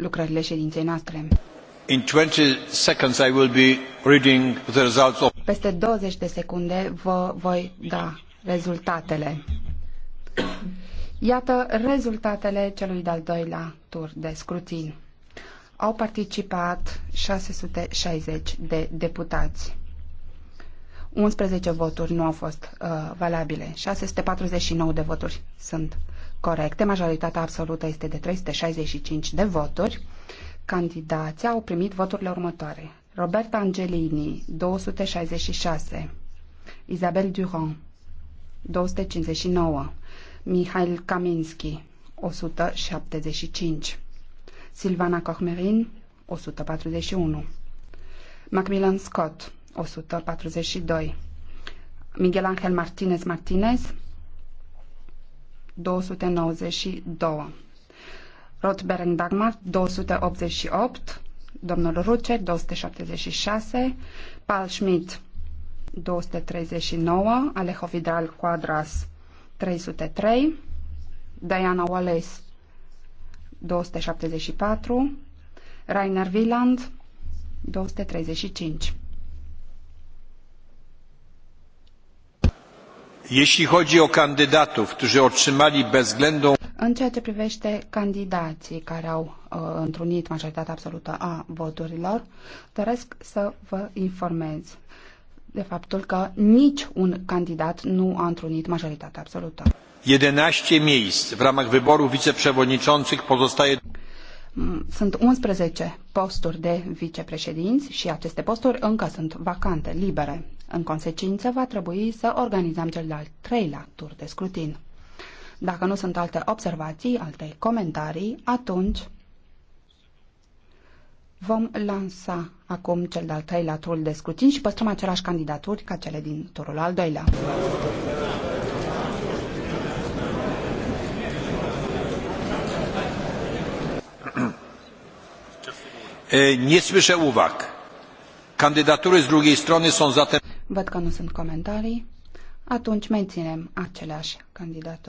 lucrările ședinței noastre. In 20 seconds I will be reading the results of... Peste 20 de secunde vă voi da rezultatele. Iată rezultatele celui de-al doilea tur de scrutin. Au participat 660 de deputați. 11 voturi nu au fost uh, valabile. 649 de voturi sunt corecte, majoritatea absolută este de 365 de voturi, candidații au primit voturile următoare. Roberta Angelini, 266, Isabel Durand, 259, Mihail Kaminski, 175, Silvana Cormerin, 141, Macmillan Scott, 142, Miguel Angel Martinez Martinez, 292. Rotberen Dagmar 288, domnul Rucer 276, Paul Schmidt 239, Alejo Vidal Quadras 303, Diana Wallace 274, Rainer Wieland 235. Jeśli chodzi o kandydatów, którzy otrzymali bezwzględną... În ceea ce privește candidații care au uh, întrunit majoritatea absolută a voturilor, doresc să vă informez de faptul că nici un candidat nu a întrunit majoritatea absolută. 11 miejsc w ramach wyborów wiceprzewodniczących pozostaje Mm, sunt 11 posturi de vicepreședinți și aceste posturi încă sunt vacante, libere. În consecință, va trebui să organizăm cel de-al treilea tur de scrutin. Dacă nu sunt alte observații, alte comentarii, atunci vom lansa acum cel de-al treilea tur de scrutin și păstrăm același candidaturi ca cele din turul al doilea. Nie słyszę uwag. Kandydatury z drugiej strony są zatem... Văd că nu sunt comentarii. Atunci menținem aceleași candidaturi.